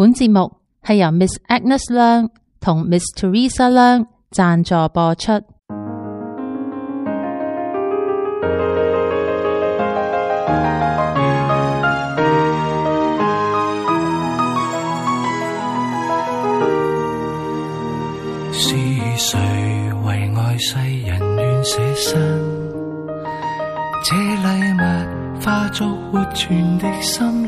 本節目係由 Miss Agnes 梁同 Miss Teresa 梁贊助播出。是誰為愛世人願捨身？這禮物化作活存的心。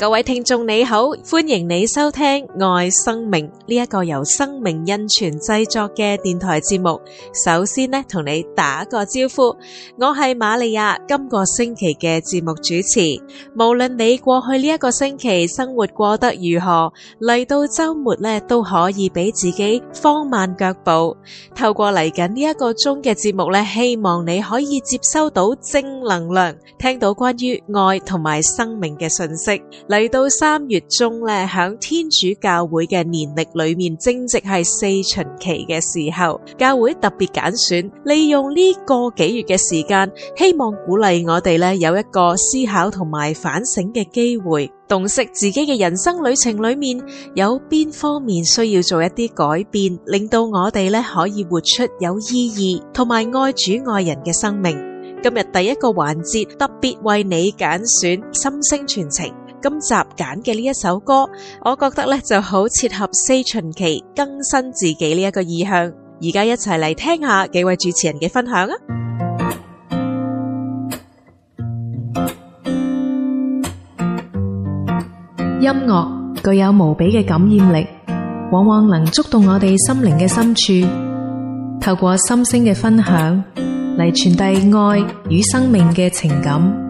各位聽眾你好，歡迎你收聽《愛生命呢一個由生命恩泉製作嘅電台節目。首先呢，同你打個招呼，我係瑪利亞，今個星期嘅節目主持。無論你過去呢一個星期生活過得如何，嚟到週末呢都可以俾自己放慢腳步。透過嚟緊呢一個鐘嘅節目呢，希望你可以接收到正能量，聽到關於愛同埋生命嘅信息。嚟到三月中咧，響天主教會嘅年曆裏面，正值係四旬期嘅時候，教會特別揀選利用呢個幾月嘅時間，希望鼓勵我哋咧有一個思考同埋反省嘅機會，洞悉自己嘅人生旅程裏面有邊方面需要做一啲改變，令到我哋咧可以活出有意義同埋愛主愛人嘅生命。今日第一個環節特別為你揀選心聲傳情。今集揀嘅呢一首歌，我覺得咧就好切合四旬期更新自己呢一個意向。而家一齊嚟聽下幾位主持人嘅分享啊！音樂具有無比嘅感染力，往往能觸動我哋心靈嘅深處。透過心聲嘅分享嚟傳遞愛與生命嘅情感。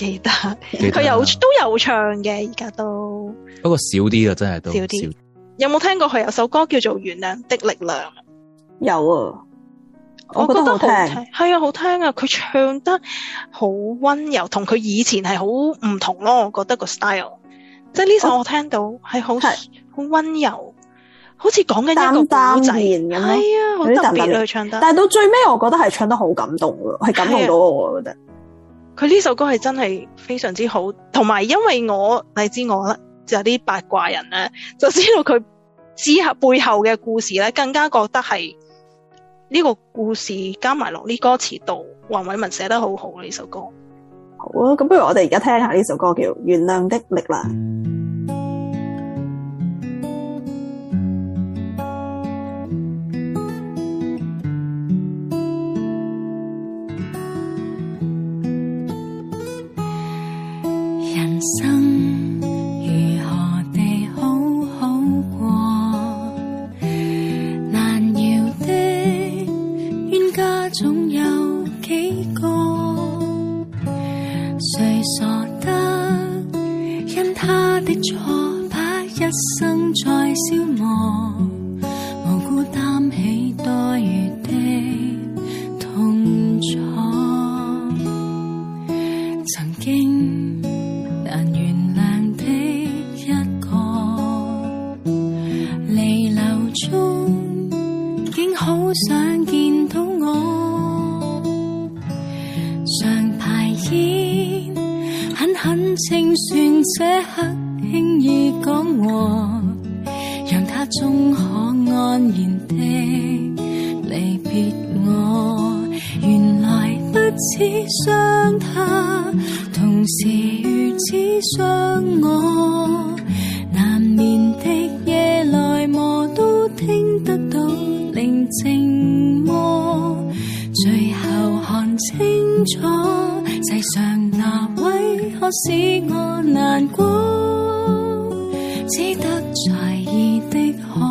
記得佢有都有唱嘅，而家都不過少啲啊，真係都少啲。有冇聽過佢有首歌叫做《原諒的力量》？有啊，我覺得好聽，係啊，好聽啊！佢唱得好溫柔，同佢以前係好唔同咯。我覺得個 style，即係呢首我聽到係好好溫柔，好似講緊一個古仔咁樣。啊、好特別佢唱得，但係到最尾，我覺得係唱得好感動咯，係感動到我，啊、我覺得。佢呢首歌係真係非常之好，同埋因為我，你知我啦，就有啲八卦人咧，就知道佢之後背後嘅故事咧，更加覺得係呢個故事加埋落呢歌詞度，黃偉文寫得好好啊！呢首歌好啊，咁不如我哋而家聽下呢首歌叫《原諒的力量》。嗯世上那位可使我難過？只得在意的可。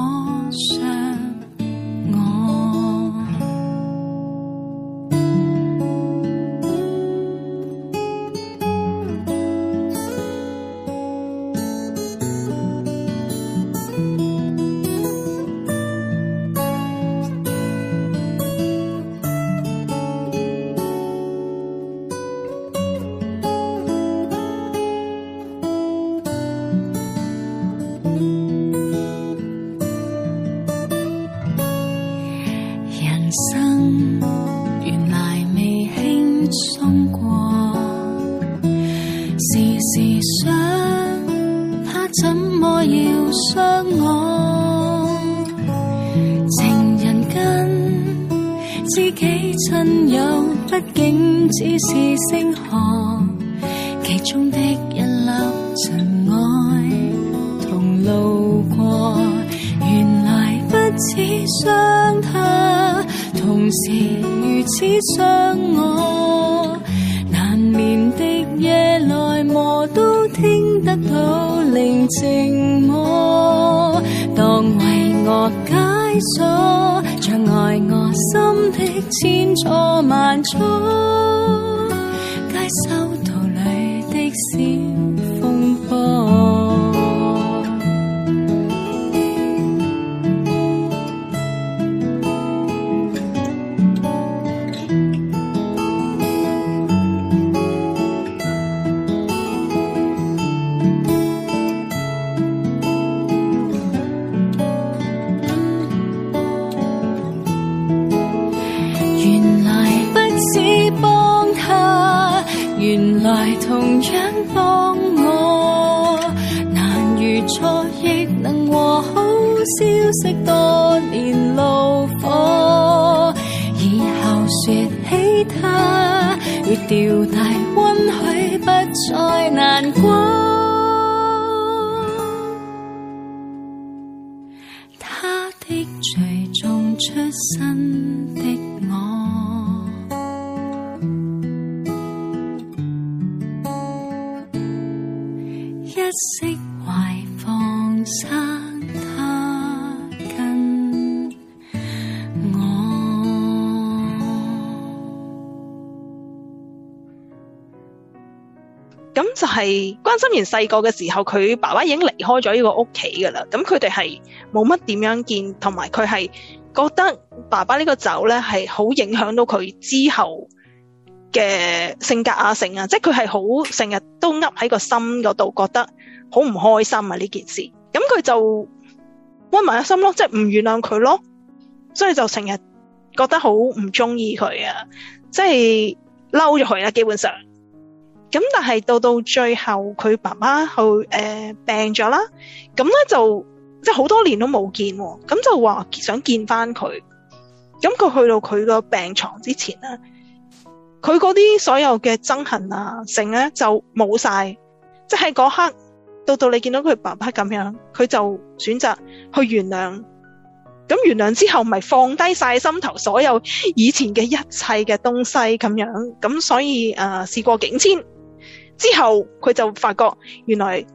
係關心妍細個嘅時候，佢爸爸已經離開咗呢個屋企噶啦。咁佢哋係冇乜點樣見，同埋佢係覺得爸爸呢個酒咧係好影響到佢之後嘅性格啊，成啊，即係佢係好成日都噏喺個心嗰度，覺得好唔開心啊呢件事。咁佢就溫埋一心咯，即係唔原諒佢咯，所以就成日覺得好唔中意佢啊，即係嬲咗佢啦，基本上。咁但係到到最後佢爸爸去誒、呃、病咗啦，咁咧就即係好多年都冇見，哦，咁就話想見翻佢。咁佢去到佢個病床之前咧，佢嗰啲所有嘅憎恨啊，成咧就冇晒。即係嗰刻，到到你見到佢爸爸咁樣，佢就選擇去原諒。咁原諒之後，咪放低晒心頭所有以前嘅一切嘅東西咁樣。咁所以誒，事、呃、過境遷。之後佢就發覺，原來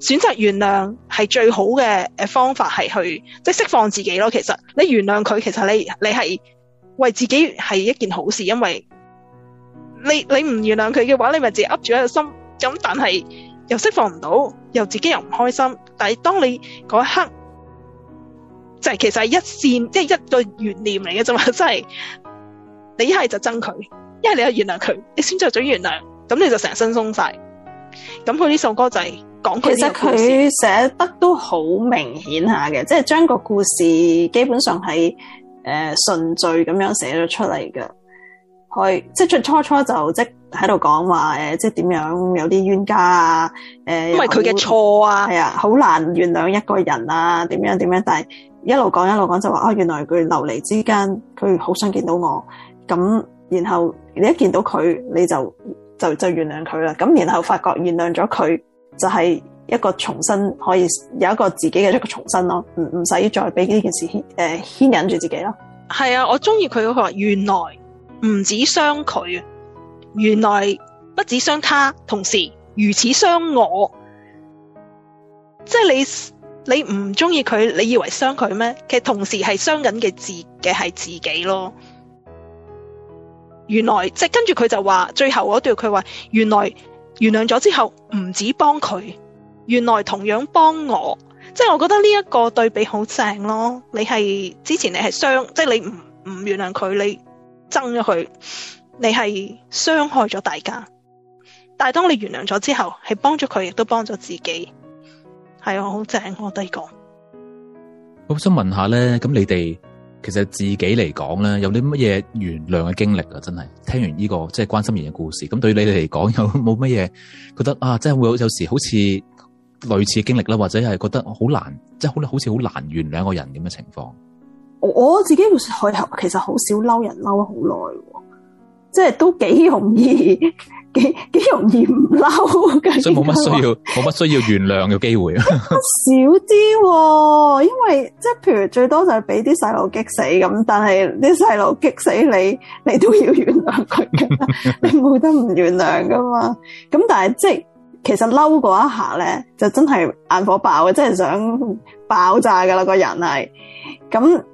選擇原諒係最好嘅誒方法，係去即係釋放自己咯。其實你原諒佢，其實你你係為自己係一件好事，因為你你唔原諒佢嘅話，你咪自己噏住一個心咁，但係又釋放唔到，又自己又唔開心。但係當你嗰一刻就係其實係一線，即係一個懸念嚟嘅啫嘛，即係你一係就憎佢，一係你就原諒佢，你選擇咗原諒。咁你就成身鬆晒，咁佢呢首歌就係講佢，其實佢寫得都好明顯下嘅，即係將個故事基本上係誒順序咁樣寫咗出嚟嘅。去即係初初就即喺度講話誒，即係點樣有啲冤家啊？誒、呃，因為佢嘅錯啊，係、呃、啊，好難原諒一個人啊，點樣點樣，但係一路講一路講就話啊，原來佢流離之間，佢好想見到我咁。然後你一見到佢，你就。就就原諒佢啦，咁然後發覺原諒咗佢，就係、是、一個重新可以有一個自己嘅一個重生咯，唔唔使再俾呢件事誒牽,、呃、牽引住自己咯。係啊，我中意佢嗰個，原來唔止傷佢，原來不止傷他，同時如此傷我。即係你你唔中意佢，你以為傷佢咩？其實同時係傷緊嘅自嘅係自己咯。原來即係跟住佢就話，最後嗰段佢話，原來原諒咗之後唔止幫佢，原來同樣幫我。即係我覺得呢一個對比好正咯。你係之前你係傷，即係你唔唔原諒佢，你憎咗佢，你係傷害咗大家。但係當你原諒咗之後，係幫咗佢，亦都幫咗自己。係啊，好正，我得講。我想問下咧，咁你哋，其實自己嚟講咧，有啲乜嘢原諒嘅經歷，這個就是，啊？真係聽完呢個即係關心妍嘅故事，咁對你嚟講有冇乜嘢覺得啊？即係會有有時好似類似經歷啦，或者係覺得好難，即係好好似好難原諒一個人咁嘅情況。我自己開頭其實好少嬲人嬲好耐，即係都幾容易。 幾幾容易唔嬲，所以冇乜需要冇乜 需要原諒嘅機會。少啲，因為即係譬如最多就係俾啲細路激死咁，但係啲細路激死你，你都要原諒佢嘅，你冇得唔原諒噶嘛。咁 但係即係其實嬲嗰一下咧，就真係眼火爆嘅，真係想爆炸噶啦個人係。咁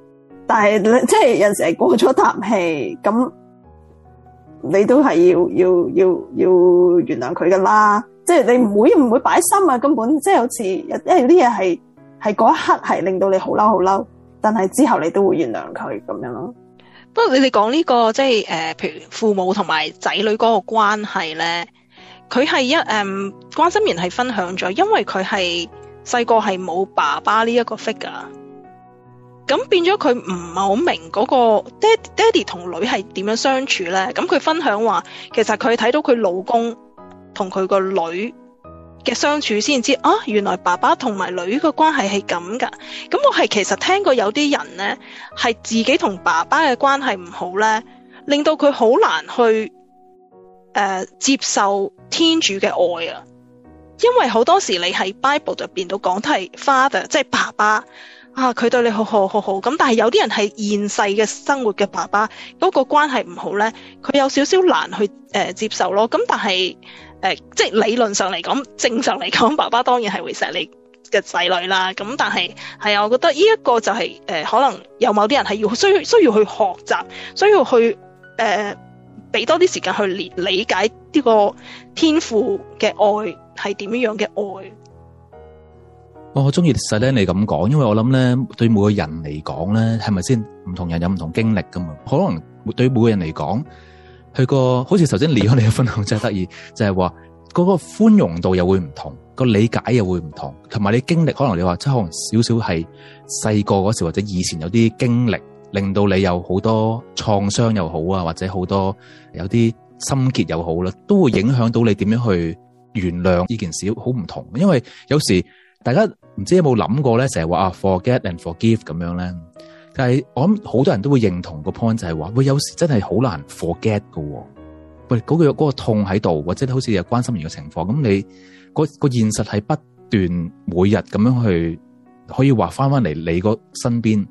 但係即係有時係過咗啖氣咁。你都係要要要要原諒佢㗎啦，即係你唔會唔會擺心啊，根本即係好似因為啲嘢係係嗰一刻係令到你好嬲好嬲，但係之後你都會原諒佢咁樣咯。不過你哋講呢個即係誒、呃，譬如父母同埋仔女嗰個關係咧，佢係一誒、嗯、關心然係分享咗，因為佢係細個係冇爸爸呢一個 figure。咁變咗佢唔係好明嗰個爹地爹哋同女係點樣相處咧？咁佢分享話，其實佢睇到佢老公同佢個女嘅相處先知，啊，原來爸爸同埋女嘅關係係咁噶。咁我係其實聽過有啲人咧，係自己同爸爸嘅關係唔好咧，令到佢好難去誒、呃、接受天主嘅愛啊。因為好多時你喺 Bible 入邊都講都係 father，即係爸爸。啊！佢對你好好好好咁，但係有啲人係現世嘅生活嘅爸爸嗰、那個關係唔好呢，佢有少少難去誒、呃、接受咯。咁但係誒、呃，即係理論上嚟講，正常嚟講，爸爸當然係會錫你嘅仔女啦。咁但係係啊，我覺得呢一個就係、是、誒、呃，可能有某啲人係要需要需要去學習，需要去誒，俾、呃、多啲時間去理解呢個天父嘅愛係點樣樣嘅愛。哦，我好中意細咧，你咁講，因為我諗咧，對每個人嚟講咧，係咪先唔同人有唔同經歷㗎嘛？可能對每個人嚟講，佢個好似頭先李生你嘅分享真係得意，就係話嗰個寬容度又會唔同，個理解又會唔同，同埋你經歷可能你話即可能少少係細個嗰時或者以前有啲經歷，令到你有好多創傷又好啊，或者好多有啲心結又好啦，都會影響到你點樣去原諒呢件事好唔同。因為有時大家。唔知有冇諗過咧，成日話啊 forget and forgive 咁樣咧，但係我諗好多人都會認同個 point 就係話，喂，有時真係好難 forget 噶、哦，喂、嗰個嗰、嗰個痛喺度，或者好似有關心人嘅情況，咁你嗰、嗰個現實係不斷每日咁樣去，可以話翻翻嚟你個身邊，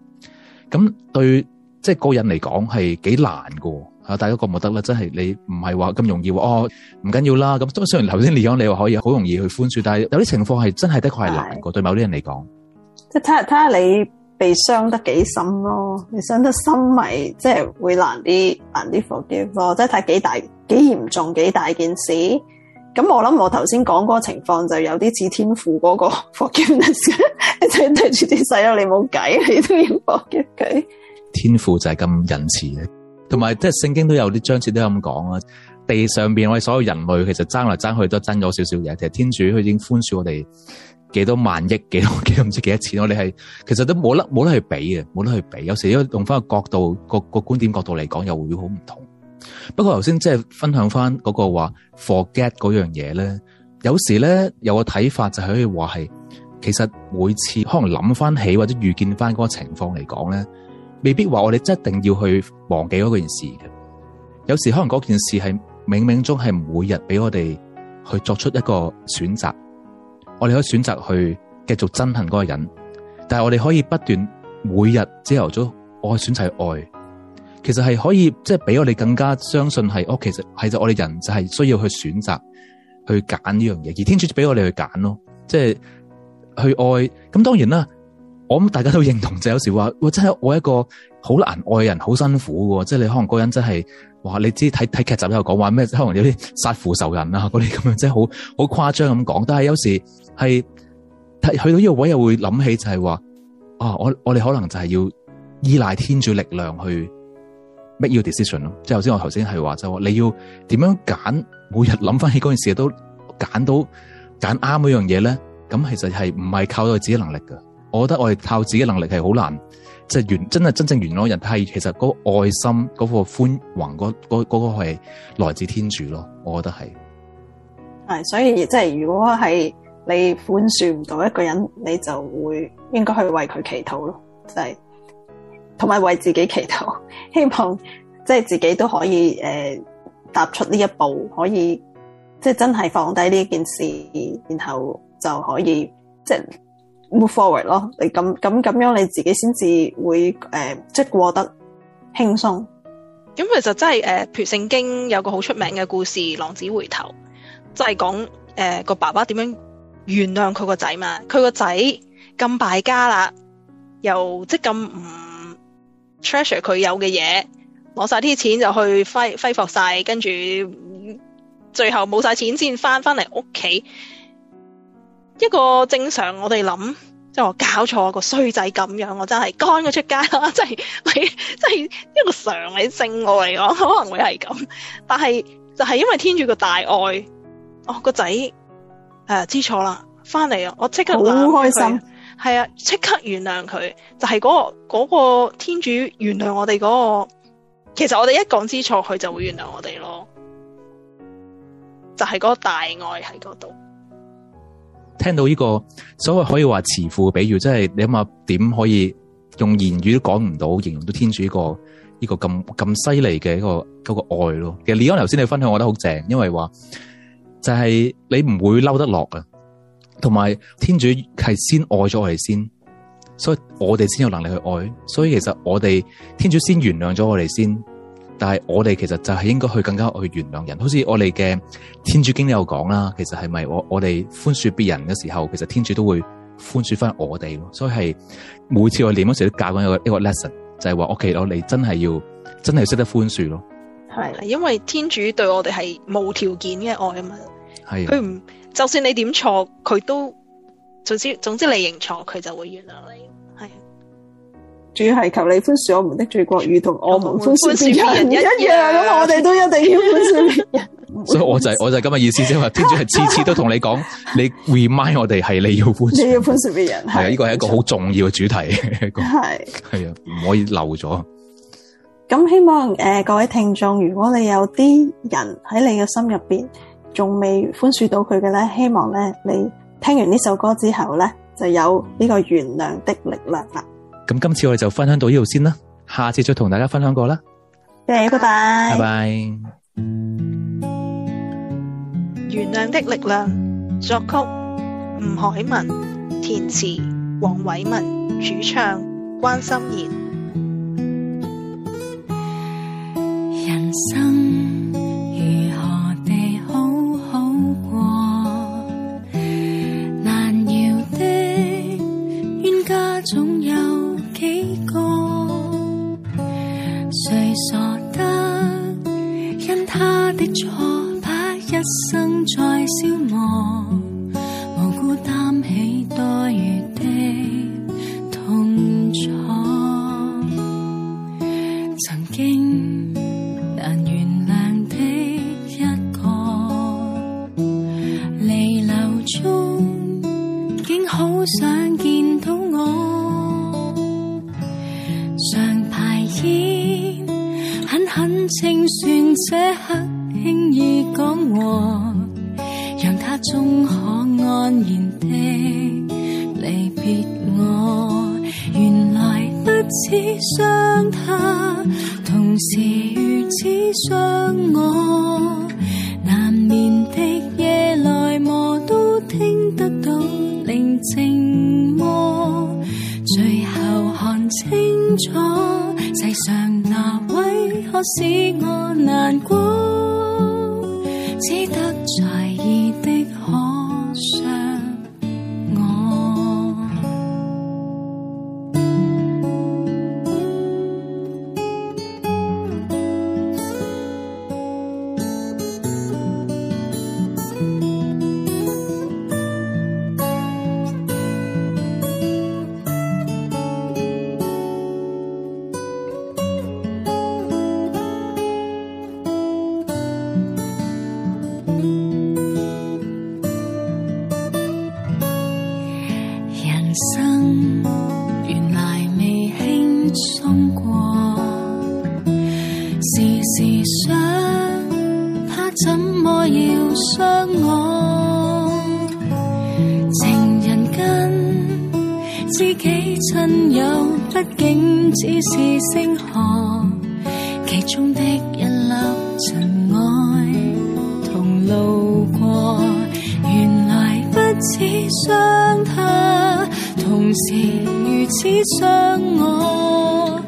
咁對即係、即係、個人嚟講係幾難噶、哦。啊！大家覺唔覺得咧？真係你唔係話咁容易哦，唔緊要啦。咁雖然頭先你講你話可以好容易去寬恕，但係有啲情況係真係的確係難個。的對某啲人嚟講，即係睇下睇下你被傷得幾深咯，你傷得深咪即係會難啲難啲 forgive 咯。即係睇幾大幾嚴重幾大件事。咁我諗我頭先講嗰個情況就有啲似天父嗰個 forgiveness，一直 對住啲細佬，你冇計，你都要 forgive 佢。天父就係咁仁慈嘅。同埋即係聖經都有啲章節都有咁講啊，地上邊我哋所有人類其實爭來爭去都爭咗少少嘢，其實天主佢已經寬恕我哋幾多萬億幾多幾唔知幾多錢，我哋係其實都冇得冇得去比嘅，冇得去比。有時用翻個角度、那個、那個觀點角度嚟講又會好唔同。不過頭先即係分享翻嗰個話 forget 嗰樣嘢咧，有時咧有個睇法就係可以話係，其實每次可能諗翻起或者預見翻嗰個情況嚟講咧。未必話我哋一定要去忘記嗰件事嘅，有時可能嗰件事係冥冥中係每日俾我哋去作出一個選擇，我哋可以選擇去繼續憎恨嗰個人，但係我哋可以不斷每日朝頭早我選擇去愛，其實係可以即係俾我哋更加相信係我其實係就我哋人就係需要去選擇去揀呢樣嘢，而天主俾我哋去揀咯，即係去愛，咁當然啦。我諗，大家都認同就是，有時話，真是我真係我一個好難愛人，好辛苦嘅。即係你可能嗰人真係話，你知睇睇劇集喺度講話咩，可能有啲殺父仇人啊嗰啲咁樣，即係好好誇張咁講。但係有時係係去到呢個位又會諗起就，就係話啊，我我哋可能就係要依賴天主力量去 make your decision 咯。即係頭先我頭先係話就話，是，你要點樣揀，每日諗翻起嗰件事都揀到揀啱嗰樣嘢咧，咁其實係唔係靠到佢自己能力嘅。我覺得我係靠自己能力係好難，即係原真係真正原諒人，係其實嗰愛心嗰、嗰個寬宏嗰嗰嗰個係、嗰個、來自天主咯。我覺得係係，所以即係如果係你寬恕唔到一個人，你就會應該去為佢祈禱咯，即係同埋為自己祈禱，希望即係自己都可以誒、呃、踏出呢一步，可以即係真係放低呢件事，然後就可以即係。move forward 咯，你咁咁咁樣你自己先至會誒，即、呃、係過得輕鬆。咁、嗯、其實真係誒，呃、譬如《聖經》有個好出名嘅故事《浪子回頭》，即係講誒個爸爸點樣原諒佢個仔嘛。佢個仔咁敗家啦，又即係咁唔 treasure 佢有嘅嘢，攞晒啲錢就去揮揮霍晒，跟住最後冇晒錢先翻翻嚟屋企。一個正常我哋諗，即係我搞錯個衰仔咁樣，我真係干咗出街啦！真係你真係一個常理性愛嚟講，可能會係咁。但係就係因為天主個大愛，哦個仔誒知錯啦，翻嚟啊！我即刻好開心，係啊！即刻原諒佢，就係嗰個嗰個天主原諒我哋嗰個。其實我哋一講知錯，佢就會原諒我哋咯。就係嗰個大愛喺嗰度。聽到呢個所謂可以話慈父嘅比喻，即係你諗下點可以用言語都講唔到形容到天主個呢個咁咁犀利嘅一個嗰個愛咯。其實李安頭先你分享我覺得好正，因為話就係你唔會嬲得落啊，同埋天主係先愛咗我哋先，所以我哋先有能力去愛。所以其實我哋天主先原諒咗我哋先。但係我哋其實就係應該去更加去原諒人，好似我哋嘅天主經有講啦，其實係咪我我哋寬恕別人嘅時候，其實天主都會寬恕翻我哋，所以係每次我念嗰時都教緊一個一個 lesson，就係話，O K，我哋真係要真係識得寬恕咯，係，因為天主對我哋係無條件嘅愛啊嘛，係的，佢唔，就算你點錯，佢都總之總之你認錯，佢就會原諒你。主要係求你寬恕我們的罪過，如同我們寬恕別人一樣。咁我哋都一定要寬恕別人。所以我就係我就係咁嘅意思，即係話天主次次都同你講，你 remind 我哋係你要寬恕，你要寬恕別人係啊，呢個係一個好重要嘅主題，係係啊，唔可以漏咗。咁希望誒，各位聽眾，如果你有啲人喺你嘅心入邊仲未寬恕到佢嘅咧，希望咧你聽完呢首歌之後咧，就有呢個原諒的力量啦。咁今次我哋就分享到呢度先啦，下次再同大家分享過啦。拜拜，拜拜。原諒的力量，作曲吳海文，填詞黃偉文，主唱關心妍。人生。只是星河其中的一粒塵埃，同路過，原來不止傷他，同時如此傷我。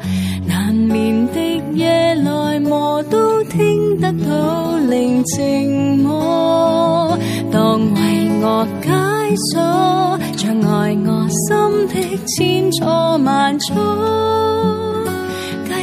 難眠的夜來磨，都聽得到寧靜麼？當為我解鎖，將愛我心的千錯萬錯。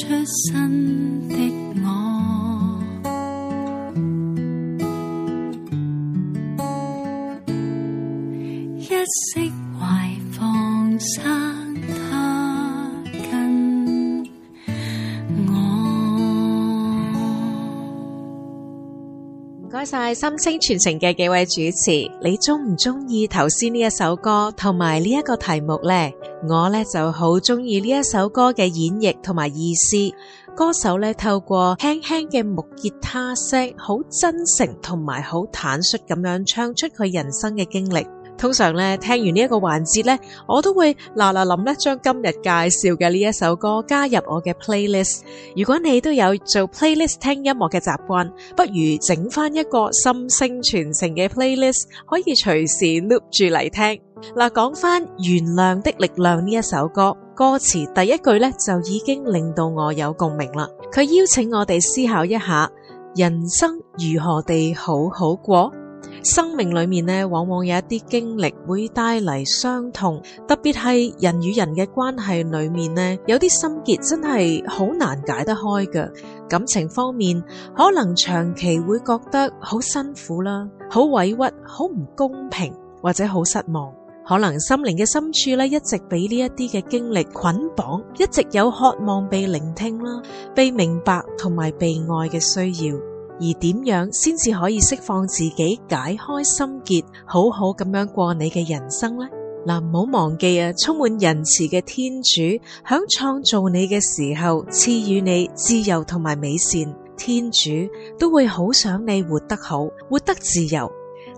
出生的我，一息懷放生他跟我。唔該晒，心聲傳承嘅幾位主持，你鍾唔鍾意頭先呢一首歌同埋呢一個題目呢？我咧就好中意呢一首歌嘅演繹同埋意思，歌手咧，透過輕輕嘅木吉他聲，好真誠同埋好坦率咁樣唱出佢人生嘅經歷。通常咧，聽完環節，呢一個環節咧，我都會嗱嗱諗咧，將今日介紹嘅呢一首歌加入我嘅 playlist。如果你都有做 playlist 聽音樂嘅習慣，不如整翻一個心聲傳承嘅 playlist，可以隨時 loop 住嚟聽。嗱，講翻原諒的力量呢一首歌，歌詞第一句呢就已經令到我有共鳴啦。佢邀請我哋思考一下，人生如何地好好過？生命裏面呢，往往有一啲經歷會帶嚟傷痛，特別係人與人嘅關係裏面呢，有啲心結真係好難解得開㗎。感情方面，可能長期會覺得好辛苦啦，好委屈，好唔公平，或者好失望。可能心靈嘅深處咧，一直俾呢一啲嘅經歷捆綁，一直有渴望被聆聽啦，被明白同埋被愛嘅需要。而點樣先至可以釋放自己，解開心結，好好咁樣過你嘅人生呢？嗱，唔好忘記啊！充滿仁慈嘅天主響創造你嘅時候，賜予你自由同埋美善。天主都會好想你活得好，活得自由。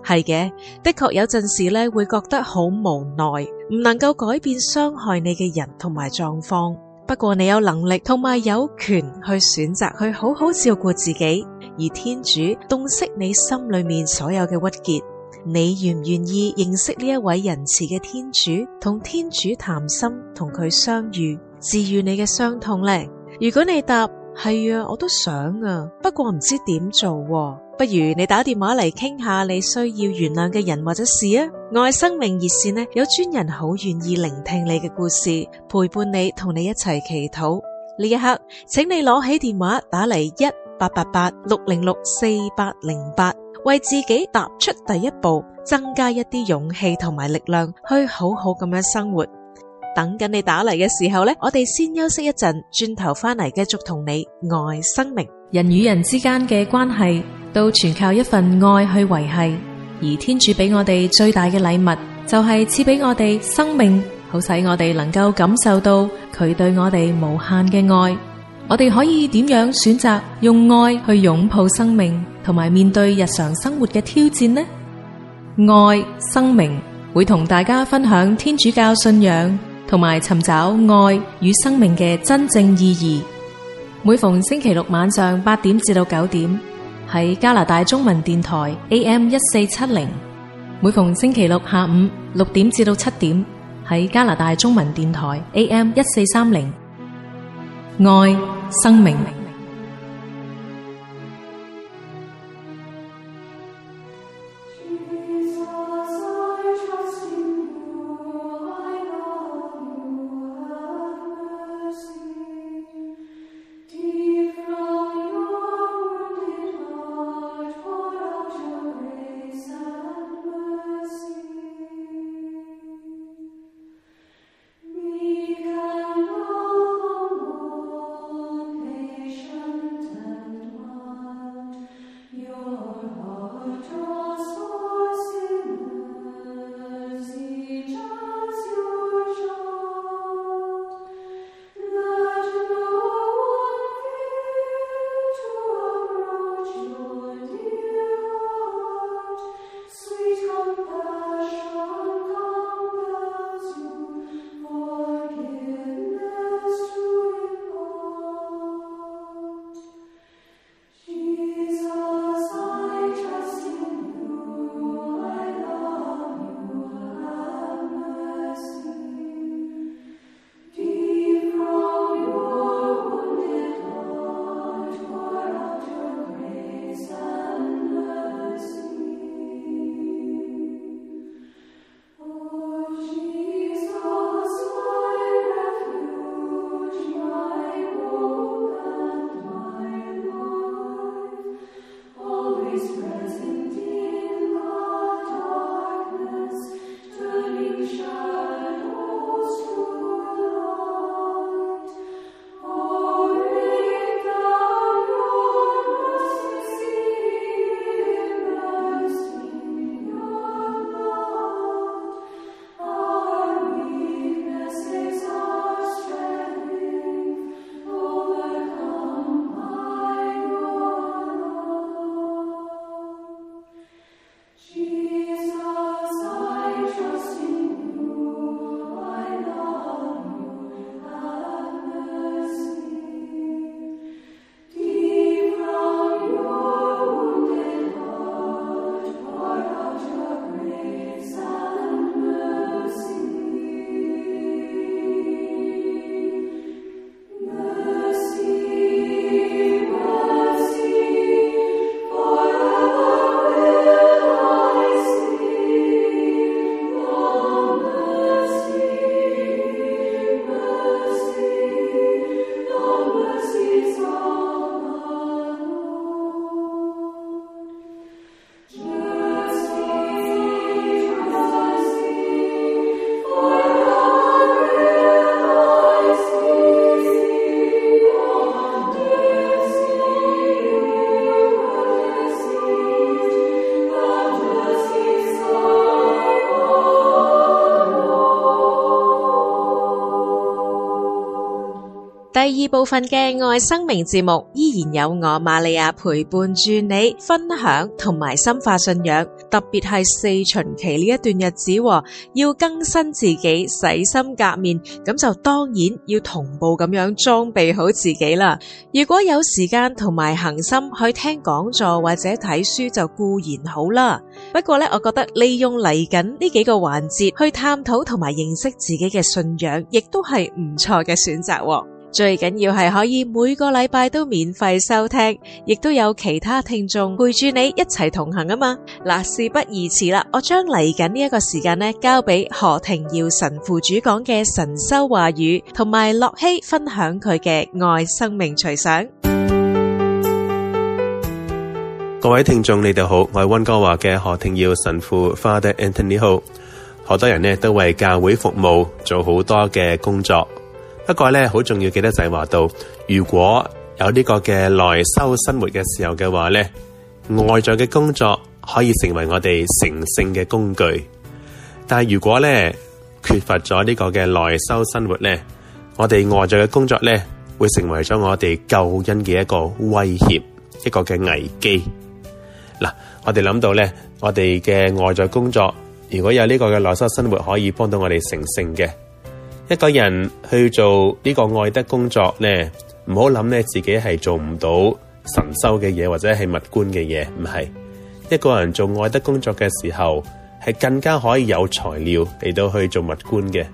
係嘅，的確有陣時咧會覺得好無奈，唔能夠改變傷害你嘅人同埋狀況。不過你有能力同埋有權去選擇去好好照顧自己，而天主洞悉你心裏面所有嘅鬱結。你願唔願意認識呢一位仁慈嘅天主，同天主談心，同佢相遇，治癒你嘅傷痛呢？如果你答。係啊，我都想啊，不過唔知點做喎。不如你打電話嚟傾下你需要原諒嘅人或者事啊。愛生命熱線呢，有專人好願意聆聽你嘅故事，陪伴你，同你一齊祈禱。呢一刻，請你攞起電話打嚟一八八八六零六四八零八，為自己踏出第一步，增加一啲勇氣同埋力量，去好好咁樣生活。等緊你打嚟嘅時候呢，我哋先休息一陣，轉頭返嚟繼續同你愛生命。人與人之間嘅關係，都全靠一份愛去維繫。而天主俾我哋最大嘅禮物，就係賜俾我哋生命，好使我哋能夠感受到佢對我哋無限嘅愛。我哋可以點樣選擇用愛去擁抱生命，同埋面對日常生活嘅挑戰呢？愛生命，會同大家分享天主教信仰，同埋尋找愛與生命嘅真正意義。每逢星期六晚上八點至到九點，喺加拿大中文電台 AM 一四七零；每逢星期六下午六點至到七點，喺加拿大中文電台 AM 一四三零。愛生命。第二部分嘅愛生命節目依然有我瑪利亞陪伴住你，分享同埋深化信仰。特別係四旬期呢一段日子，要更新自己，洗心革面，咁就當然要同步咁樣裝備好自己啦。如果有時間同埋恒心去聽講座或者睇書，就固然好啦。不過咧，我覺得利用嚟緊呢幾個環節去探討同埋認識自己嘅信仰，亦都係唔錯嘅選擇。最緊要係可以每個禮拜都免費收聽，亦都有其他聽眾陪住你一齊同行啊嘛！嗱，事不宜遲啦，我將嚟緊呢一個時間咧，交俾何庭耀神父主講嘅神修話語，同埋樂希分享佢嘅愛生命隨想。各位聽眾，你哋好，我係溫哥華嘅何庭耀神父 Father Anthony。好，好多人呢都為教會服務，做好多嘅工作。不過咧，好重要記得就係話到，如果有呢個嘅內修生活嘅時候嘅話咧，外在嘅工作可以成為我哋成聖嘅工具。但係如果咧缺乏咗呢個嘅內修生活咧，我哋外在嘅工作咧會成為咗我哋救恩嘅一個威脅，一個嘅危機。嗱，我哋諗到咧，我哋嘅外在工作，如果有呢個嘅內修生活，可以幫到我哋成聖嘅。一個人去做呢個愛德工作呢，唔好諗咧自己係做唔到神修嘅嘢，或者係物觀嘅嘢，唔係。一個人做愛德工作嘅時候，係更加可以有材料嚟到去做物觀嘅。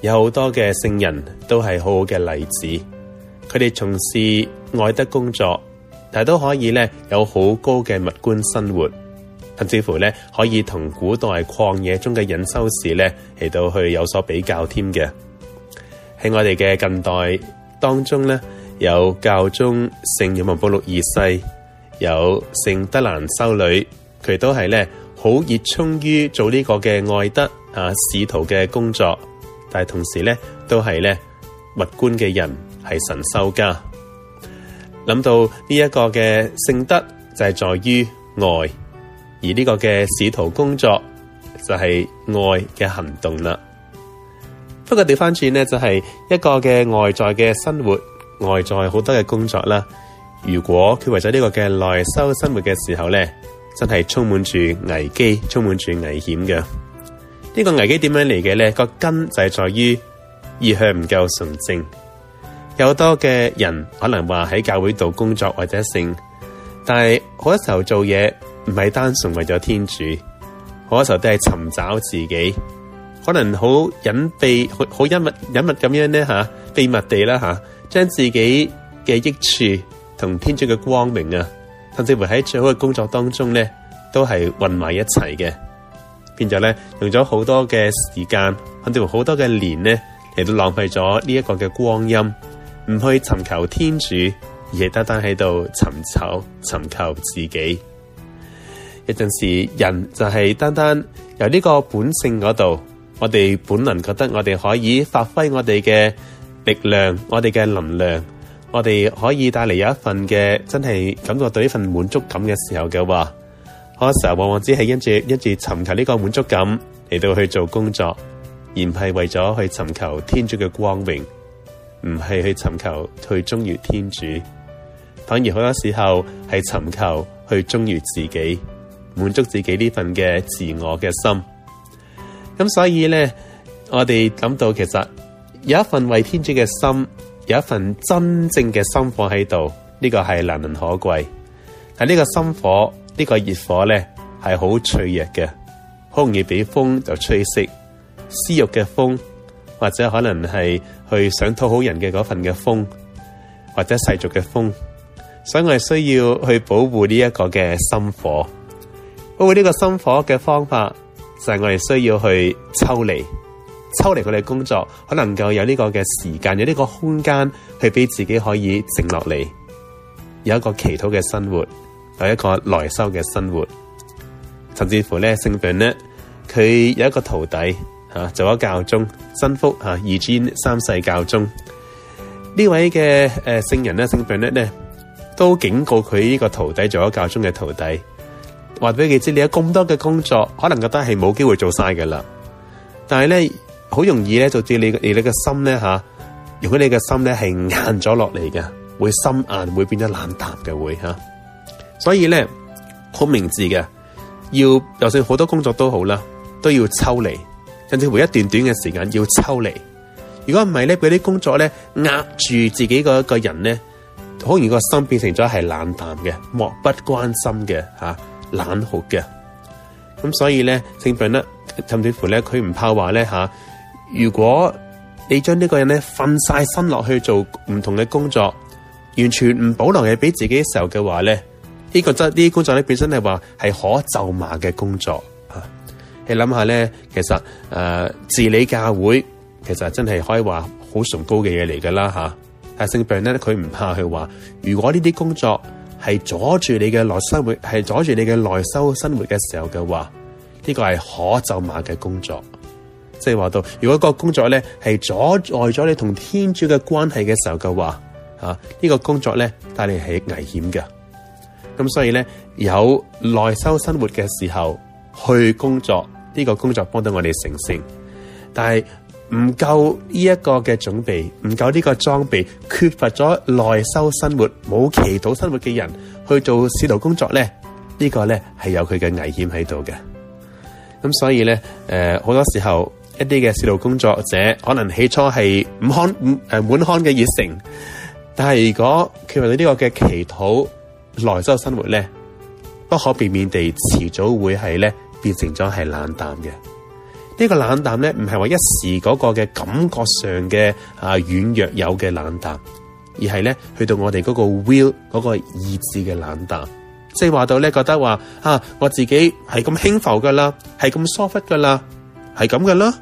有好多嘅聖人都係好好嘅例子，佢哋從事愛德工作，但係都可以呢有好高嘅物觀生活。甚至乎咧，可以同古代曠野中嘅隱修士咧嚟到去有所比較添嘅。喺我哋嘅近代當中咧，有教宗聖若望保祿二世，有聖德蘭修女，佢都係咧好熱衷於做呢個嘅愛德啊，使徒嘅工作。但係同時咧，都係咧物觀嘅人係神修家。諗到呢一個嘅聖德就係在於愛。而呢個嘅使徒工作就係、是、愛嘅行動啦。不過調翻轉咧，就係、是、一個嘅外在嘅生活，外在好多嘅工作啦。如果佢為咗呢個嘅內修生活嘅時候咧，真係充滿住危機，充滿住危險嘅呢、這個危機點樣嚟嘅咧？個根就係在於意向唔夠純正，有好多嘅人可能話喺教會度工作或者性，但係好多時候做嘢。唔係單純為咗天主，好多時候都係尋找自己，可能好隱秘、好好隱密、隱密咁樣咧吓，秘密地啦吓，將自己嘅益處同天主嘅光明啊，甚至乎喺最好嘅工作當中咧，都係混埋一齊嘅，變咗咧用咗好多嘅時間，肯定好多嘅年咧，亦都浪費咗呢一個嘅光陰，唔去尋求天主，而係單單喺度尋找、尋求自己。有陣時，人就係單單由呢個本性嗰度，我哋本能覺得我哋可以發揮我哋嘅力量，我哋嘅能量，我哋可以帶嚟有一份嘅真係感覺到呢份滿足感嘅時候嘅話，好多時候往往只係因住因著尋求呢個滿足感嚟到去做工作，而唔係為咗去尋求天主嘅光榮，唔係去尋求去忠於天主，反而好多時候係尋求去忠於自己。滿足自己呢份嘅自我嘅心，咁所以咧，我哋感到其實有一份為天主嘅心，有一份真正嘅心火喺度，呢個係難能可貴。但呢個心火，呢個熱火咧，係好脆弱嘅，好容易俾風就吹熄。私欲嘅風，或者可能係去想討好人嘅嗰份嘅風，或者世俗嘅風，所以我哋需要去保護呢一個嘅心火。不過呢個心火嘅方法，就係、是、我哋需要去抽離，抽離我哋工作，可能夠有呢個嘅時間，有呢個空間，去俾自己可以靜落嚟，有一個祈禱嘅生活，有一個內修嘅生活。甚至乎咧，聖病咧，佢有一個徒弟吓、啊，做咗教宗，新福吓二尊，啊 e、ene，三世教宗。位呃、呢位嘅誒聖人咧，聖病咧咧，都警告佢呢個徒弟做咗教宗嘅徒弟。話俾佢知，你有咁多嘅工作，可能覺得係冇機會做晒㗎喇。但係咧，好容易咧，導致你、啊、你你個心咧吓，如果你個心咧係硬咗落嚟嘅，會心硬，會變得冷淡嘅會吓、啊。所以咧好明智嘅，要就算好多工作都好啦，都要抽離，甚至乎一段短嘅時間要抽離。如果唔係咧，俾啲工作咧壓住自己個一個人咧，好容易個心變成咗係冷淡嘅，漠不關心嘅吓。啊冷酷嘅，咁、嗯、所以咧，聖病咧，甚至乎咧，佢唔怕話咧吓，如果你將呢個人咧瞓晒心落去做唔同嘅工作，完全唔保留嘢俾自己嘅時候嘅話咧，呢、這個則呢啲工作咧，本身係話係可咒罵嘅工作吓、啊，你諗下咧，其實誒、呃、治理教會，其實真係可以話好崇高嘅嘢嚟噶啦吓，但係聖病咧，佢唔怕去話，如果呢啲工作，係阻住你嘅內生活，係阻住你嘅內修生活嘅時候嘅話，呢個係可咒罵嘅工作。即係話到，如果個工作咧係阻礙咗你同天主嘅關係嘅時候嘅話，啊，呢個工作咧帶嚟係危險嘅。咁所以咧，有內修生活嘅時候去工作，呢個工作幫到我哋成聖。但係。唔夠呢一個嘅準備，唔夠呢個裝備，缺乏咗內修生活、冇祈禱生活嘅人去做使徒工作咧，這個、呢個咧係有佢嘅危險喺度嘅。咁所以咧，誒、呃，好多時候一啲嘅使徒工作者可能起初係唔康誒滿腔嘅熱誠，但係如果缺乏咗呢個嘅祈禱內修生活咧，不可避免地遲早會係咧變成咗係冷淡嘅。呢個冷淡咧，唔係話一時嗰個嘅感覺上嘅啊軟弱有嘅冷淡，而係咧去到我哋嗰個 will 嗰個意志嘅冷淡，即係話到咧覺得話啊，我自己係咁輕浮噶啦，係咁疏忽 f t 噶啦，係咁噶啦，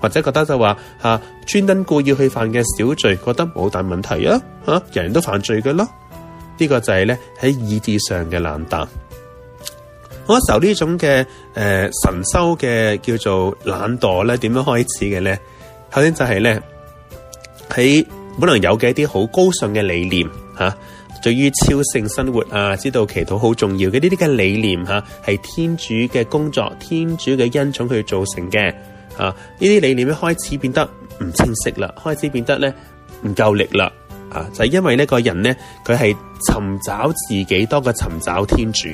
或者覺得就話吓專登故意去犯嘅小罪，覺得冇大問題啊，吓、啊、人人都犯罪噶咯，呢、這個就係咧喺意志上嘅冷淡。我時候呢種嘅誒、呃、神修嘅叫做懶惰咧，點樣開始嘅咧？首先就係咧喺本能有嘅一啲好高尚嘅理念吓，對、啊、於超性生活啊，知道祈禱好重要嘅呢啲嘅理念吓，係、啊、天主嘅工作，天主嘅恩寵去造成嘅啊。呢啲理念一開始變得唔清晰啦，開始變得咧唔夠力啦啊！就係、是、因為呢個人咧，佢係尋找自己多過尋找天主。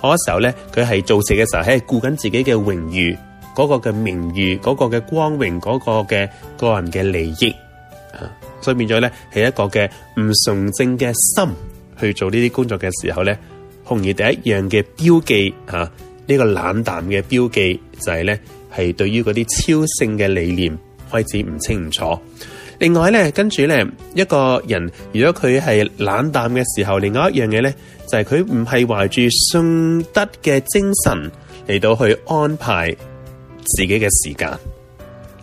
嗰時候咧，佢係做事嘅時候，係顧緊自己嘅榮譽、嗰、那個嘅名譽、嗰、那個嘅光榮、嗰、那個嘅個人嘅利益，啊，所以變咗咧係一個嘅唔崇正嘅心去做呢啲工作嘅時候咧，容易第一樣嘅標記啊，呢、這個冷淡嘅標記就係咧係對於嗰啲超性嘅理念開始唔清唔楚。另外咧，跟住咧，一個人如果佢係冷淡嘅時候，另外一樣嘢咧，就係佢唔係懷住信德嘅精神嚟到去安排自己嘅時間。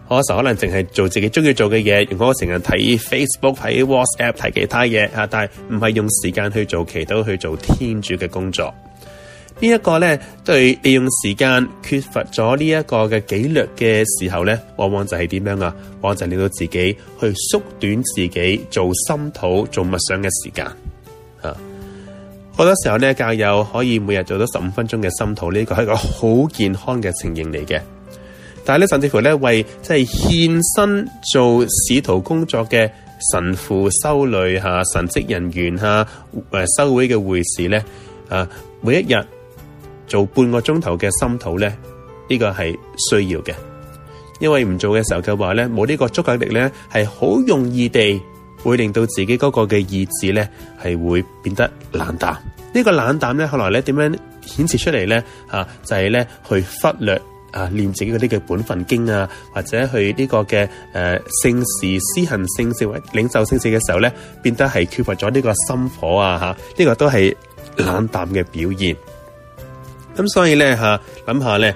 我成日可能淨係做自己中意做嘅嘢，如果我成日睇 Facebook、睇 WhatsApp、睇其他嘢吓、啊，但係唔係用時間去做祈禱去做天主嘅工作。呢一個咧，對利用時間缺乏咗呢一個嘅紀律嘅時候咧，往往就係點樣啊？往往就令到自己去縮短自己做心禱做默想嘅時間啊！好多時候咧，教友可以每日做到十五分鐘嘅心禱，呢、這個係個好健康嘅情形嚟嘅。但係咧，甚至乎咧為即係獻身做使徒工作嘅神父修、修女吓、神職人員吓、誒、啊、修會嘅會士咧啊，每一日。做半個鐘頭嘅心禱咧，呢、這個係需要嘅。因為唔做嘅時候嘅話咧，冇呢個足夠力咧，係好容易地會令到自己嗰個嘅意志咧係會變得冷淡。呢個冷淡咧，後來咧點樣顯示出嚟咧？啊，就係、是、咧去忽略啊念自己嗰啲嘅本分經啊，或者去呢個嘅誒聖事施行聖事或領受聖事嘅時候咧，變得係缺乏咗呢個心火啊！吓、啊，呢、這個都係冷淡嘅表現。咁、嗯、所以咧吓，諗下咧，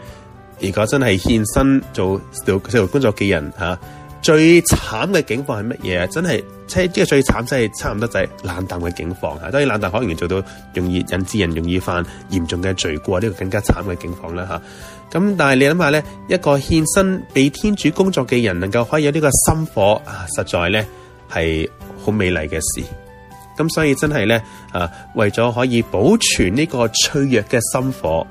如果真係獻身做做，做工作嘅人吓、啊，最慘嘅境況係乜嘢啊？真係即係呢個最慘，真係差唔多就係冷淡嘅境況吓，當然冷淡可能亦做到容易引致人容易犯嚴重嘅罪過呢個、啊、更加慘嘅境況啦吓。咁、啊、但係你諗下咧，一個獻身俾天主工作嘅人，能夠可以有呢個心火啊，實在咧係好美麗嘅事。咁所以真係咧，啊，為咗可以保存呢個脆弱嘅心火，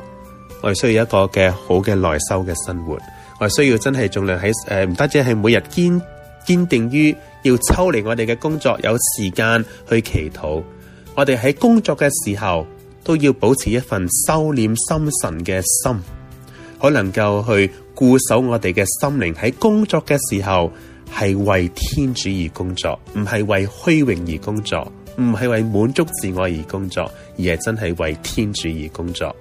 我哋需要一個嘅好嘅內修嘅生活。我哋需要真係盡量喺誒，唔、呃、單止係每日堅堅定於要抽離我哋嘅工作，有時間去祈禱。我哋喺工作嘅時候都要保持一份收斂心神嘅心，可能夠去固守我哋嘅心靈，喺工作嘅時候係為天主而工作，唔係為虛榮而工作。唔係為滿足自我而工作，而係真係為天主而工作。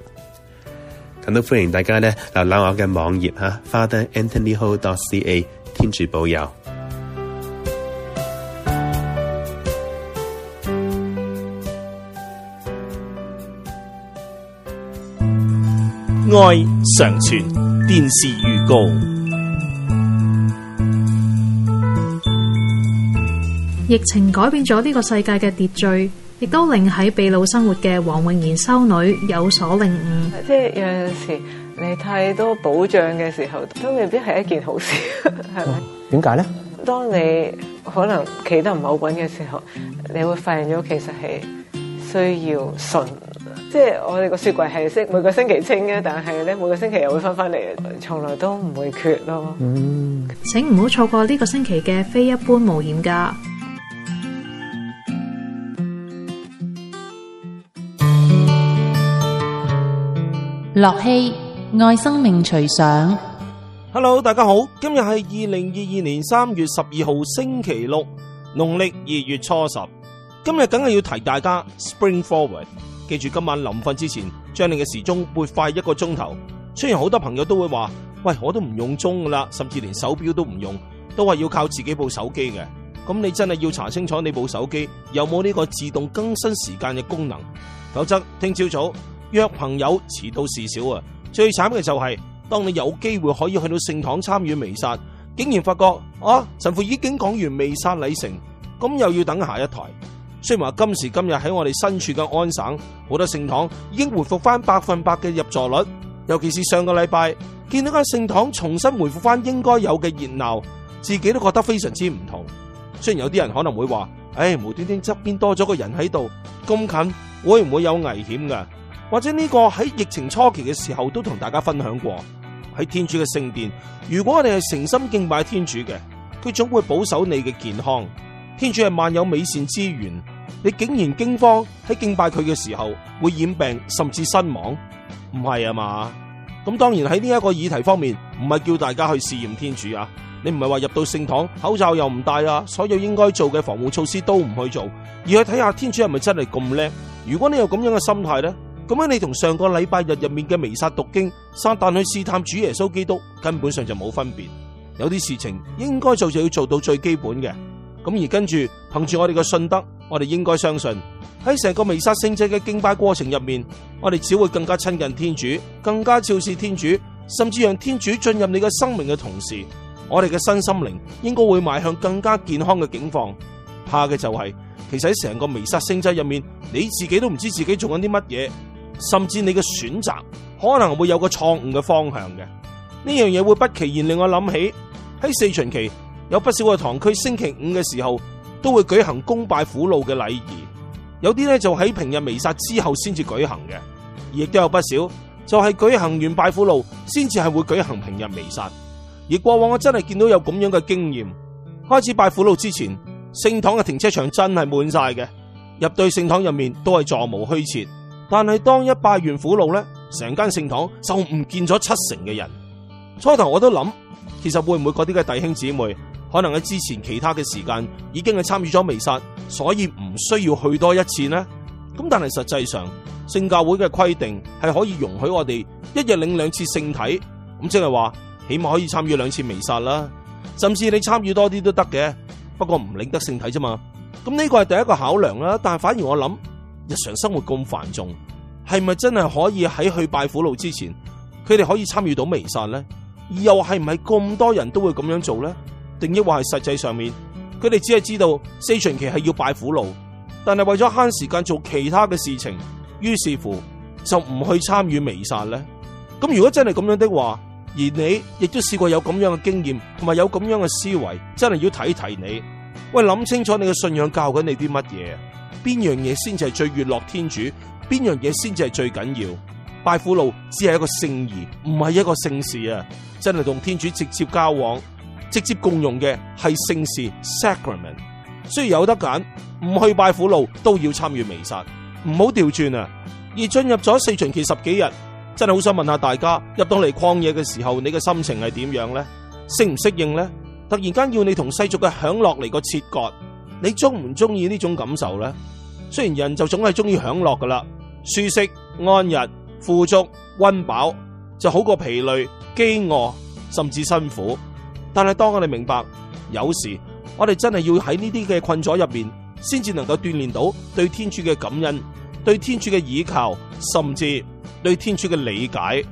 咁都歡迎大家呢，瀏覽我嘅網頁吓，FatherAnthonyHo.ca，天主保佑。愛常傳，電視預告。疫情改變咗呢個世界嘅秩序，亦都令喺秘魯生活嘅黃穎賢修女有所領悟。即係有陣時，你太多保障嘅時候，都未必係一件好事，係咪？點解咧？當你可能企得唔好穩嘅時候，你會發現咗其實係需要信。即係我哋個雪櫃係會每個星期清嘅，但係咧每個星期又會翻翻嚟，從來都唔會缺咯。嗯，請唔好錯過呢個星期嘅非一般冒險家。樂器愛生命隨想，Hello，大家好，今日係二零二二年三月十二號星期六，農曆二月初十。今日梗係要提大家 Spring Forward，記住今晚臨瞓之前將你嘅時鐘撥快一個鐘頭。雖然好多朋友都會話，喂，我都唔用鐘噶啦，甚至連手錶都唔用，都係要靠自己部手機嘅。咁你真係要查清楚你部手機有冇呢個自動更新時間嘅功能，否則聽朝早。約朋友遲到事少啊！最慘嘅就係、是，當你有機會可以去到聖堂參與彌撒，竟然發覺啊，神父已經講完彌撒禮成，咁又要等下一台。雖然話今時今日喺我哋身處嘅安省，好多聖堂已經回復翻百分百嘅入座率，尤其是上個禮拜見到間聖堂重新回復翻應該有嘅熱鬧，自己都覺得非常之唔同。雖然有啲人可能會話，唉、哎，無端端側邊多咗個人喺度，咁近會唔會有危險噶？或者呢個喺疫情初期嘅時候都同大家分享過，喺天主嘅聖殿，如果我哋係誠心敬拜天主嘅，佢總會保守你嘅健康。天主係萬有美善之源，你竟然驚慌喺敬拜佢嘅時候會染病甚至身亡，唔係啊嘛？咁當然喺呢一個議題方面，唔係叫大家去試驗天主啊，你唔係話入到聖堂口罩又唔戴啊，所有應該做嘅防護措施都唔去做，而去睇下天主係咪真係咁叻？如果你有咁樣嘅心態咧？咁樣你同上個禮拜日入面嘅彌撒讀經、撒旦去試探主耶穌基督，根本上就冇分別。有啲事情應該做就要做到最基本嘅。咁而跟住憑住我哋嘅信德，我哋應該相信喺成個彌撒聖祭嘅敬拜過程入面，我哋只會更加親近天主，更加照視天主，甚至讓天主進入你嘅生命嘅同時，我哋嘅新心靈應該會邁向更加健康嘅境況。怕嘅就係，其實喺成個彌撒聖祭入面，你自己都唔知自己做緊啲乜嘢。甚至你嘅選擇可能會有個錯誤嘅方向嘅，呢樣嘢會不期然令我諗起喺四旬期有不少嘅堂區星期五嘅時候都會舉行公拜苦路嘅禮儀，有啲咧就喺平日彌撒之後先至舉行嘅，而亦都有不少就係、是、舉行完拜苦路先至係會舉行平日彌撒，而過往我真係見到有咁樣嘅經驗，開始拜苦路之前聖堂嘅停車場真係滿晒嘅，入對聖堂入面都係座無虛席。但係當一拜完苦路呢，成間聖堂就唔見咗七成嘅人。初頭我都諗，其實會唔會嗰啲嘅弟兄姊妹可能喺之前其他嘅時間已經去參與咗彌撒，所以唔需要去多一次呢？咁但係實際上聖教會嘅規定係可以容許我哋一日領兩次聖體，咁即係話起碼可以參與兩次彌撒啦。甚至你參與多啲都得嘅，不過唔領得聖體咋嘛？咁呢個係第一個考量啦。但係反而我諗。日常生活咁繁重，係咪真係可以喺去拜苦路之前，佢哋可以參與到彌撒咧？又係唔係咁多人都會咁樣做呢？定抑或係實際上面，佢哋只係知道四旬期係要拜苦路，但係為咗慳時間做其他嘅事情，於是乎就唔去參與彌撒呢？咁如果真係咁樣的話，而你亦都試過有咁樣嘅經驗，同埋有咁樣嘅思維，真係要提提你，喂，諗清楚你嘅信仰教緊你啲乜嘢？邊樣嘢先至係最悅樂，樂天主？邊樣嘢先至係最緊要？拜虎路只係一個聖儀，唔係一個聖事啊！真係同天主直接交往、直接共用嘅係聖事 （sacrament）。所然有得揀，唔去拜虎路都要參與微撒，唔好調轉啊！而進入咗四旬期十幾日，真係好想問下大家：入到嚟曠野嘅時候，你嘅心情係點樣呢？適唔適應呢？突然間要你同世俗嘅享樂嚟個切割，你中唔中意呢種感受呢？雖然人就總係中意享樂噶啦，舒適安逸、富足溫飽，就好過疲累、饑餓甚至辛苦。但係當我哋明白，有時我哋真係要喺呢啲嘅困阻入面，先至能夠鍛煉到對天主嘅感恩、對天主嘅倚靠，甚至對天主嘅理解。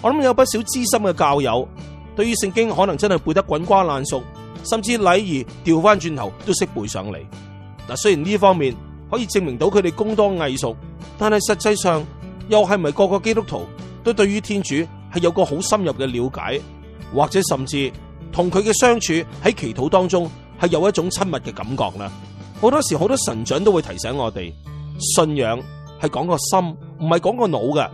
我諗有不少資深嘅教友，對於聖經可能真係背得滾瓜爛熟，甚至禮儀調翻轉頭都識背上嚟。嗱，雖然呢方面，可以證明到佢哋工多藝熟，但係實際上又係咪係個個基督徒都對於天主係有個好深入嘅了解，或者甚至同佢嘅相處喺祈禱當中係有一種親密嘅感覺呢？好多時好多神長都會提醒我哋，信仰係講個心，唔係講個腦嘅。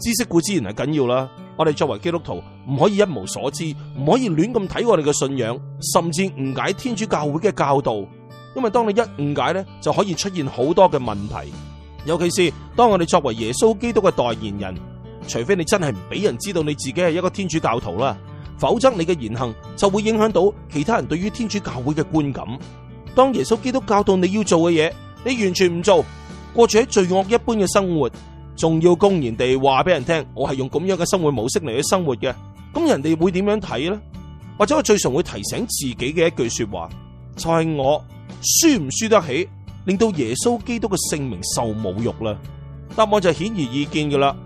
知識固然係緊要啦，我哋作為基督徒唔可以一無所知，唔可以亂咁睇我哋嘅信仰，甚至誤解天主教會嘅教導。因為當你一誤解呢，就可以出現好多嘅問題。尤其是當我哋作為耶穌基督嘅代言人，除非你真係唔俾人知道你自己係一個天主教徒啦，否則你嘅言行就會影響到其他人對於天主教會嘅觀感。當耶穌基督教導你要做嘅嘢，你完全唔做，過住喺罪惡一般嘅生活，仲要公然地話俾人聽我係用咁樣嘅生活模式嚟嘅生活嘅，咁人哋會點樣睇呢？或者我最常會提醒自己嘅一句說話就係我。輸唔輸得起，令到耶穌基督嘅姓名受侮辱啦？答案就顯而易見嘅啦，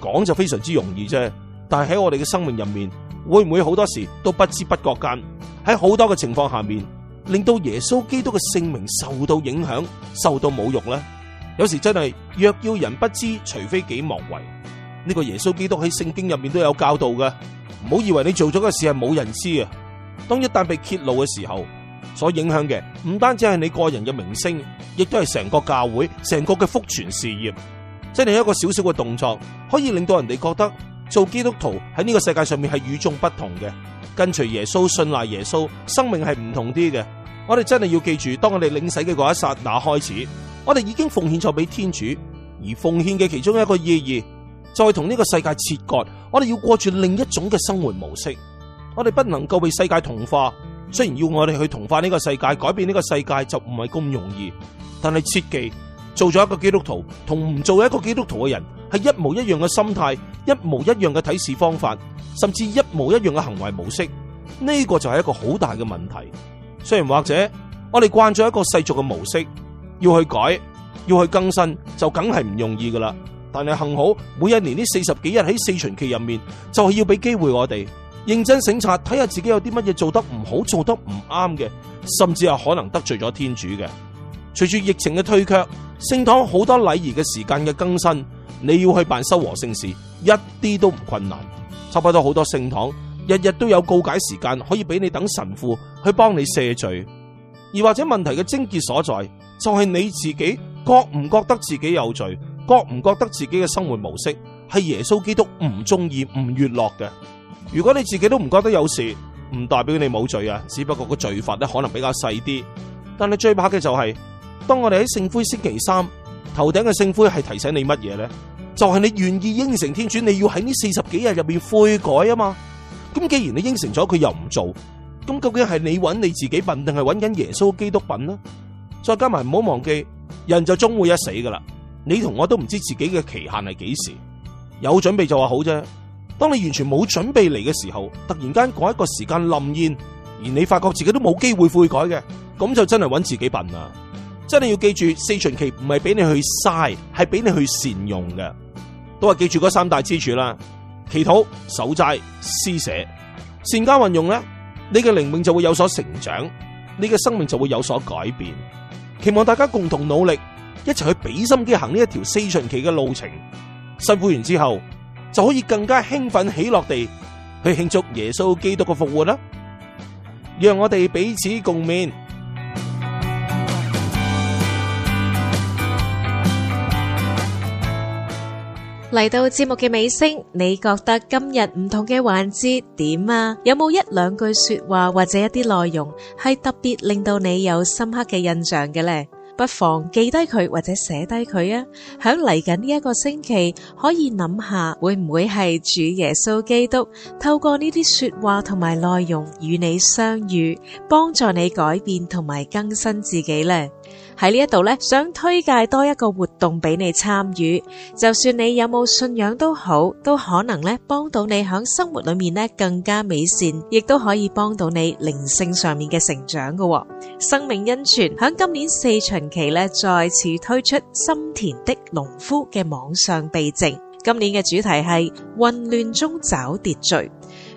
講就非常之容易啫。但係喺我哋嘅生命入面，會唔會好多時都不知不覺間喺好多嘅情況下面，令到耶穌基督嘅姓名受到影響、受到侮辱咧？有時真係若要人不知，除非己莫為。呢個耶穌基督喺聖經入面都有教導嘅，唔好以為你做咗嘅事係冇人知啊。當一旦被揭露嘅時候，所影響嘅唔單止係你個人嘅名聲，亦都係成個教會、成個嘅福傳事業。即係一個小小嘅動作，可以令到人哋覺得做基督徒喺呢個世界上面係與眾不同嘅。跟隨耶穌、信賴耶穌，生命係唔同啲嘅。我哋真係要記住，當我哋領洗嘅嗰一剎那開始，我哋已經奉獻咗俾天主。而奉獻嘅其中一個意義，就係同呢個世界切割。我哋要過住另一種嘅生活模式，我哋不能夠被世界同化。雖然要我哋去同化呢個世界、改變呢個世界就唔係咁容易，但係切記做咗一個基督徒同唔做一個基督徒嘅人係一模一樣嘅心態、一模一樣嘅睇事方法，甚至一模一樣嘅行為模式，呢個就係一個好大嘅問題。雖然或者我哋慣咗一個世俗嘅模式，要去改、要去更新就梗係唔容易噶啦。但係幸好每一年呢四十幾日喺四旬期入面，就係要俾機會我哋，認真省察，睇下自己有啲乜嘢做得唔好，做得唔啱嘅，甚至有可能得罪咗天主嘅。隨住疫情嘅退卻，聖堂好多禮儀嘅時間嘅更新，你要去辦修和聖事，一啲都唔困難。差不多好多聖堂，日日都有告解時間，可以俾你等神父去幫你赦罪。而或者問題嘅症結所在，就係、是、你自己覺唔覺得自己有罪，覺唔覺得自己嘅生活模式係耶穌基督唔中意、唔悅樂嘅。如果你自己都唔覺得有事，唔代表你冇罪啊！只不過個罪罰咧可能比較細啲。但你最怕嘅就係，當我哋喺聖灰星期三頭頂嘅聖灰係提醒你乜嘢咧？就係你願意應承天主，你要喺呢四十幾日入邊悔改啊嘛！咁既然你應承咗，佢又唔做，咁究竟係你揾你自己笨，定係揾緊耶穌基督笨呢？再加埋唔好忘記，人就終會一死噶啦！你同我都唔知自己嘅期限係幾時，有準備就話好啫。當你完全冇準備嚟嘅時候，突然間改一個時間臨現，而你發覺自己都冇機會悔改嘅，咁就真係揾自己笨啦！真係要記住四旬期唔係俾你去嘥，係俾你去善用嘅。都係記住嗰三大支柱啦：祈禱、守齋、施捨，善加運用咧，你嘅靈命就會有所成長，你嘅生命就會有所改變。期望大家共同努力，一齊去俾心機行呢一條四旬期嘅路程。辛苦完之後。就可以更加興奮喜樂地去慶祝耶穌基督嘅復活啦！讓我哋彼此共勉。嚟到節目嘅尾聲，你覺得今日唔同嘅環節點啊？有冇一兩句說話或者一啲內容係特別令到你有深刻嘅印象嘅咧？不妨記低佢或者寫低佢啊！響嚟緊呢一個星期，可以諗下會唔會係主耶穌基督透過呢啲說話同埋內容與你相遇，幫助你改變同埋更新自己呢。喺呢一度咧，想推介多一個活動俾你參與，就算你有冇信仰都好，都可能咧幫到你喺生活裏面咧更加美善，亦都可以幫到你靈性上面嘅成長嘅生命恩泉。響今年四旬期咧，再次推出《心田的農夫》嘅網上避靜。今年嘅主題係混亂中找秩序。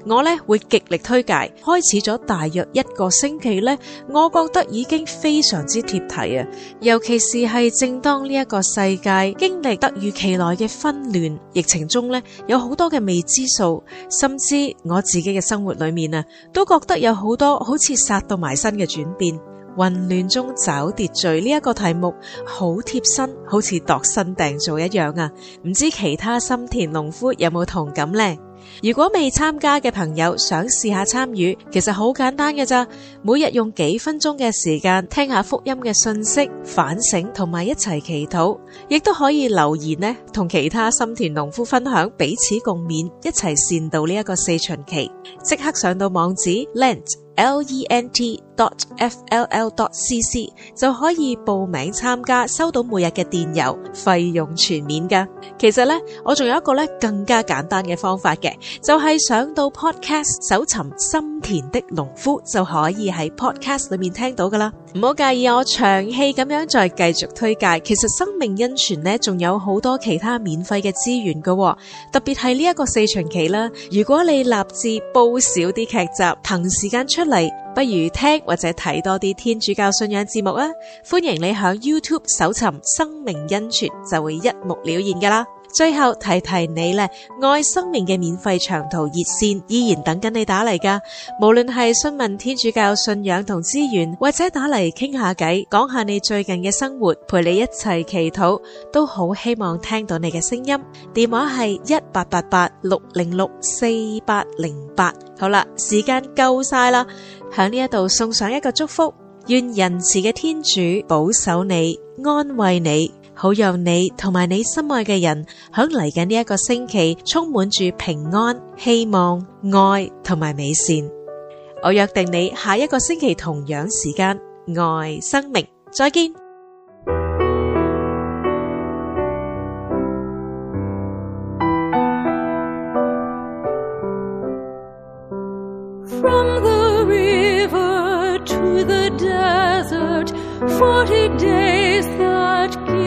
我呢會極力推介，開始咗大約一個星期呢，我覺得已經非常之貼題啊！尤其是係正當呢一個世界經歷突如其來嘅紛亂疫情中呢，有好多嘅未知數，甚至我自己嘅生活裏面啊，都覺得有好多好似殺到埋身嘅轉變，混亂中找秩序呢一個題目好貼身，好似度身訂做一樣啊！唔知其他心田農夫有冇同感呢？如果未參加嘅朋友想試下參與，其實好簡單嘅咋，每日用幾分鐘嘅時間聽下福音嘅信息，反省同埋一齊祈禱，亦都可以留言呢，同其他心田農夫分享，彼此共勉，一齊善度呢一個四旬期。即刻上到網址 Lent。l e n t dot f l l dot c c 就可以報名參加，收到每日嘅電郵，費用全免噶。其實呢，我仲有一個咧更加簡單嘅方法嘅，就係、是、上到 Podcast 搜尋心田的農夫就可以喺 Podcast 裏面聽到噶啦。唔好介意我長氣咁樣再繼續推介。其實生命恩泉呢，仲有好多其他免費嘅資源噶，哦，特別係呢一個四旬期啦。如果你立志報少啲劇集，騰時間出。不如聽或者睇多啲天主教信仰節目啊，歡迎你響 YouTube 搜尋生命恩泉，就會一目了然㗎喇。最後提提你咧，愛生命嘅免費長途熱線依然等緊你打嚟噶，無論係詢問天主教信仰同資源，或者打嚟傾下偈，講下你最近嘅生活，陪你一齊祈禱，都好希望聽到你嘅聲音。電話係一八八八六零六四八零八。好啦，時間夠晒啦，喺呢一度送上一個祝福，願仁慈嘅天主保守你，安慰你。好，讓你同埋你心愛嘅人，響嚟緊呢一個星期充滿住平安、希望、愛同埋美善。我約定你下一個星期同樣時間，愛生命，再見。